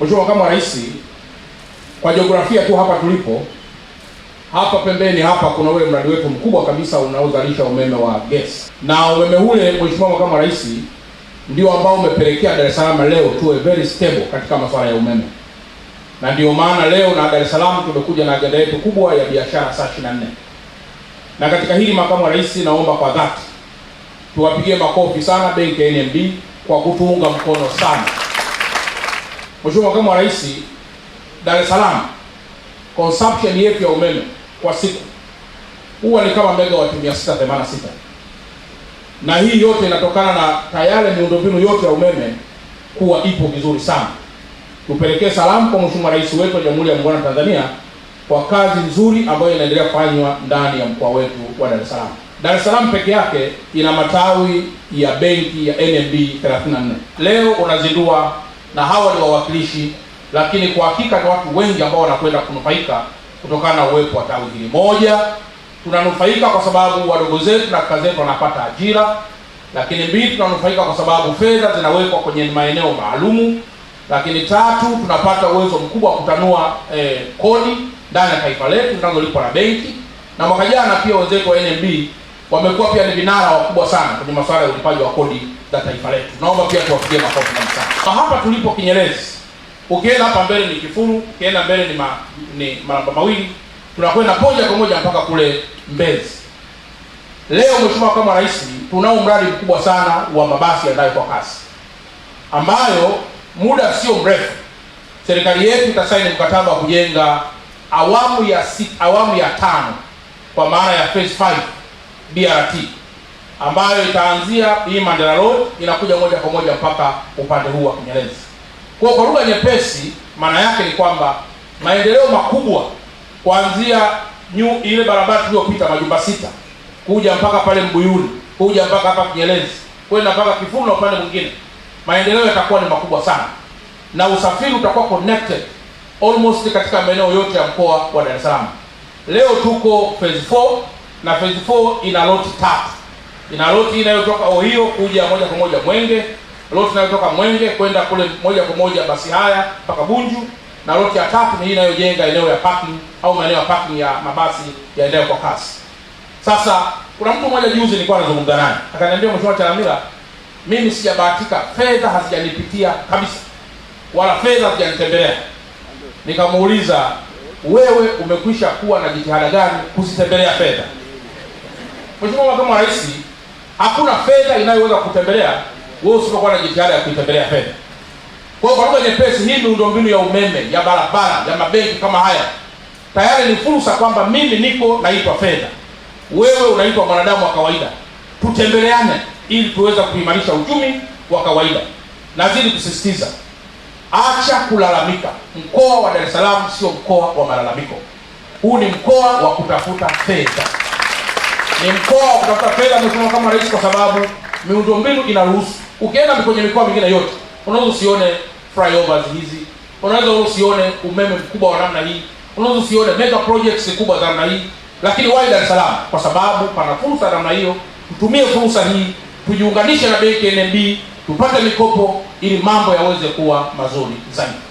Mheshimiwa Makamu wa Rais, kwa jiografia tu hapa tulipo hapa pembeni hapa kuna ule mradi wetu mkubwa kabisa unaozalisha umeme wa gesi, na umeme ule Mheshimiwa Makamu wa Rais, ndio ambao umepelekea Dar es Salaam leo tuwe very stable katika masuala ya umeme, na ndio maana leo na Dar es Salaam tumekuja na ajenda yetu kubwa ya biashara saa 24 na katika hili Makamu wa Rais, naomba kwa dhati tuwapigie makofi sana benki ya NMB kwa kutuunga mkono sana. Mheshimiwa Makamu wa Rais, Dar es Salaam consumption yetu ya umeme kwa siku huwa ni kama megawati 686 na hii yote inatokana na tayari miundombinu yote ya umeme kuwa ipo vizuri sana. Tupelekee salamu kwa Mheshimiwa Rais wetu wa Jamhuri ya Muungano wa Tanzania kwa kazi nzuri ambayo inaendelea kufanywa ndani ya mkoa wetu wa Dar es Salaam. Dar es Salaam peke yake ina matawi ya benki ya NMB 34. Leo unazindua na hawa ni wawakilishi, lakini kwa hakika ni watu wengi ambao wanakwenda kunufaika kutokana na uwepo wa tawi hili moja. Tunanufaika kwa sababu wadogo zetu na kaka zetu wanapata ajira, lakini mbili, tunanufaika kwa sababu fedha zinawekwa kwenye maeneo maalumu, lakini tatu, tunapata uwezo mkubwa wa kutanua eh, kodi ndani ya taifa letu zinazolipwa na benki, na mwaka jana pia wenzetu wa NMB wamekuwa pia ni vinara wakubwa sana kwenye masuala ya ulipaji wa kodi za taifa letu. Naomba pia tuwapigie makofi kwa sana. Kwa hapa tulipo Kinyerezi, ukienda hapa mbele ni Kifuru, ukienda mbele ni, ma, ni Maramba Mawili, tunakwenda moja kwa moja mpaka kule Mbezi. Leo Mheshimiwa kama wa Rais, tunao mradi mkubwa sana wa mabasi yaendayo kwa kasi ambayo muda sio mrefu serikali yetu itasaini mkataba wa kujenga awamu ya si, awamu ya tano kwa maana ya phase 5 BRT ambayo itaanzia hii Mandela Road inakuja moja kwa moja mpaka upande huu wa Kinyerezi. Kwa kwa lugha nyepesi, maana yake ni kwamba maendeleo makubwa kuanzia nyu ile barabara tuliyopita majumba sita kuja mpaka pale Mbuyuni kuja mpaka hapa Kinyerezi kwenda mpaka Kifuru na upande mwingine, maendeleo yatakuwa ni makubwa sana, na usafiri utakuwa connected almost katika maeneo yote ya mkoa wa Dar es Salaam. Leo tuko phase 4 na phase 4 ina loti tatu. Ina loti inayotoka Ohio kuja moja kwa moja Mwenge, loti inayotoka Mwenge kwenda kule moja kwa moja basi haya mpaka Bunju, na loti ya tatu ni inayojenga eneo ya parking au maeneo ya parking ya mabasi yaendayo kwa kasi. Sasa kuna mtu mmoja juzi nilikuwa nazungumza naye akaniambia, mheshimiwa Chalamila, mimi sijabahatika, fedha hazijanipitia kabisa, wala fedha hazijanitembelea. Nikamuuliza, wewe umekwisha kuwa na jitihada gani kuzitembelea fedha? Mheshimiwa Makamu wa Rais, hakuna fedha inayoweza kutembelea wewe usipokuwa na jitihada ya kuitembelea fedha. Kwa hiyo kwa lugha nyepesi, hii miundombinu ya umeme, ya barabara, ya mabenki kama haya tayari ni fursa kwamba mimi niko naitwa fedha, wewe unaitwa mwanadamu wa kawaida, tutembeleane ili tuweza kuimarisha uchumi wa kawaida. Nazidi kusisitiza, acha kulalamika. Mkoa wa Dar es Salaam sio mkoa wa malalamiko, huu ni mkoa wa kutafuta fedha ni mkoa wa kutafuta fedha, amesimama kama rais kwa sababu miundombinu inaruhusu. Ukienda kwenye mikoa mingine yote unaweza usione flyovers hizi, unaweza usione umeme mkubwa wa namna hii, unaweza usione mega projects kubwa za namna hii, lakini why Dar es Salaam? Kwa sababu pana fursa namna hiyo. Tutumie fursa hii, tujiunganishe na benki NMB, tupate mikopo ili mambo yaweze kuwa mazuri zaidi.